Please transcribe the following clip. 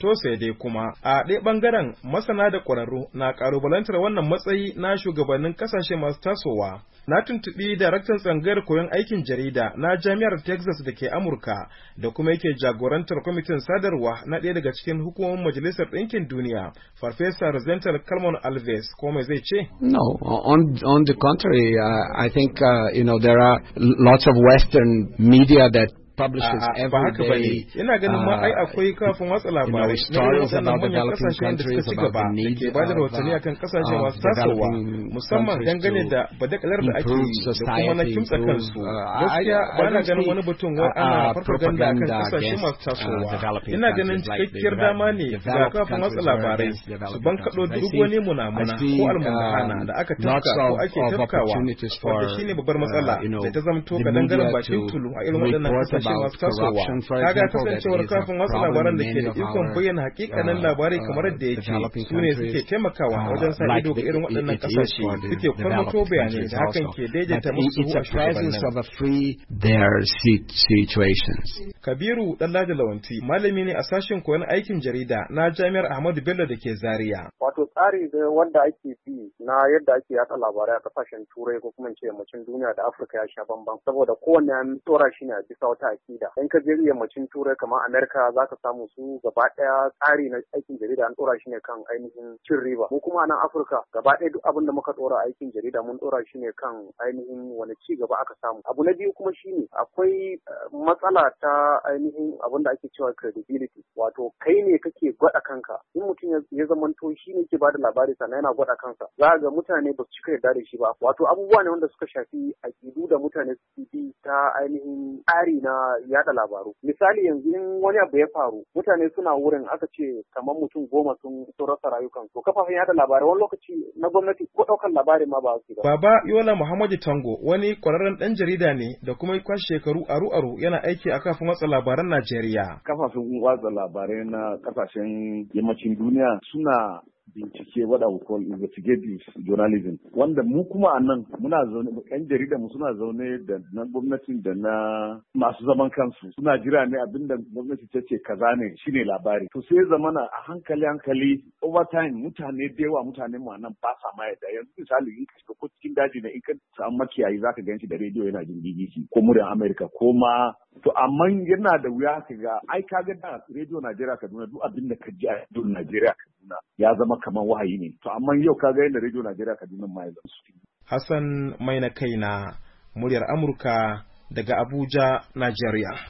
To sai dai kuma a ɗaya ɓangaren masana da ƙwararru na ƙalubalantar wannan matsayi na shugabannin ƙasashe masu tasowa. Na tuntuɓi daraktan tsangayar koyon aikin jarida na jami'ar Texas da ke Amurka da kuma yake jagorantar kwamitin sadarwa na ɗaya daga cikin hukumomin Majalisar Ɗinkin Duniya, Farfesa Rosenthal Kalmon Alves, ko mai zai ce? No, on, on the contrary, uh, I think, uh, you know, there are lots of Western media that publishes uh, every day. Ina ganin ma ai akwai uh, kafin watsa labarai. Stories about developing countries about the need of uh, masu tasowa musamman dangane da badakalar da ake yi da kuma na kimtsa kansu. Uh, Gaskiya ba na ganin wani batun wai ana farfaganda kan kasashe masu tasowa. Ina ganin cikakkiyar dama ne ga kafin watsa labarai su bankaɗo duk wani munamuna ko almundahana um, da aka tafka ko ake tafkawa. Wata shine babbar matsala da ta zamto ga dangaren bakin tulu a irin waɗannan kasashe. cewa kasowa ta ga kasancewar kafin wasu labaran da ke da ikon bayyana hakikanin labari kamar da yake su ne suke taimakawa wajen sa ido ga irin waɗannan kasashe suke kwarmato bayanai da Kabiru ladi Lawanti malami ne a sashen koyon aikin jarida na Jami'ar Ahmadu Bello da ke Zaria. Wato tsari da wanda ake bi na yadda ake yada labarai a kasashen Turai ko kuma ce yammacin duniya da Afirka ya sha bambam saboda kowanne an tsora shi ne a bisa wata akida. In ka je yammacin Turai kamar Amerika za ka samu su gaba ɗaya tsari na aikin jarida an tsora shi ne kan ainihin cin riba. Mu kuma a nan Afirka gaba ɗaya duk abin da muka ɗora aikin jarida mun tsora shi ne kan ainihin wani ci gaba aka samu. Abu na biyu kuma shi ne. akwai eh, matsala ta ainihin abin da ake cewa credibility wato kai ne kake gwada kanka in mutum ya zamanto shi ne ke bada labari sannan yana gwada kansa za ga mutane ba su cika yarda da shi ba wato abubuwa ne wanda suka shafi akidu da mutane su bi ta ainihin tsari na yada labaru misali yanzu in wani abu ya faru mutane suna wurin aka ce kamar mutum goma sun rasa rayukan rayukansu kafafen yada labarai wani lokaci na gwamnati ko ɗaukan labarin ma ba su ba. Baba Yola Muhammadu Tango wani kwararren ɗan jarida ne da kuma kwan shekaru aru-aru yana aiki a kafin watsa labaran Najeriya. Kafafen watsa labarai na kasashen yammacin duniya suna bincike wada we call investigative journalism wanda mu kuma a nan muna zaune yan jarida mu suna zaune da na gwamnatin da na masu zaman kansu suna jira ne abinda gwamnati ta ce kaza ne shine labari to sai zamana a hankali hankali over time mutane da yawa mutane mu nan ba sa ma yadda yanzu misali in ka shiga ko cikin daji ne in ka samu makiyayi zaka ganshi da rediyo yana jin BBC ko muryar America ko ma to amma yana da wuya ka ga ai ka ga da radio Najeriya Kaduna duk abin da ka ji a radio Najeriya Kaduna ya zama kamar wahayi ne to amma yau ka ga yadda radio Najeriya Kaduna ma ya zama su Hassan na Kaina muryar Amurka daga Abuja Najeriya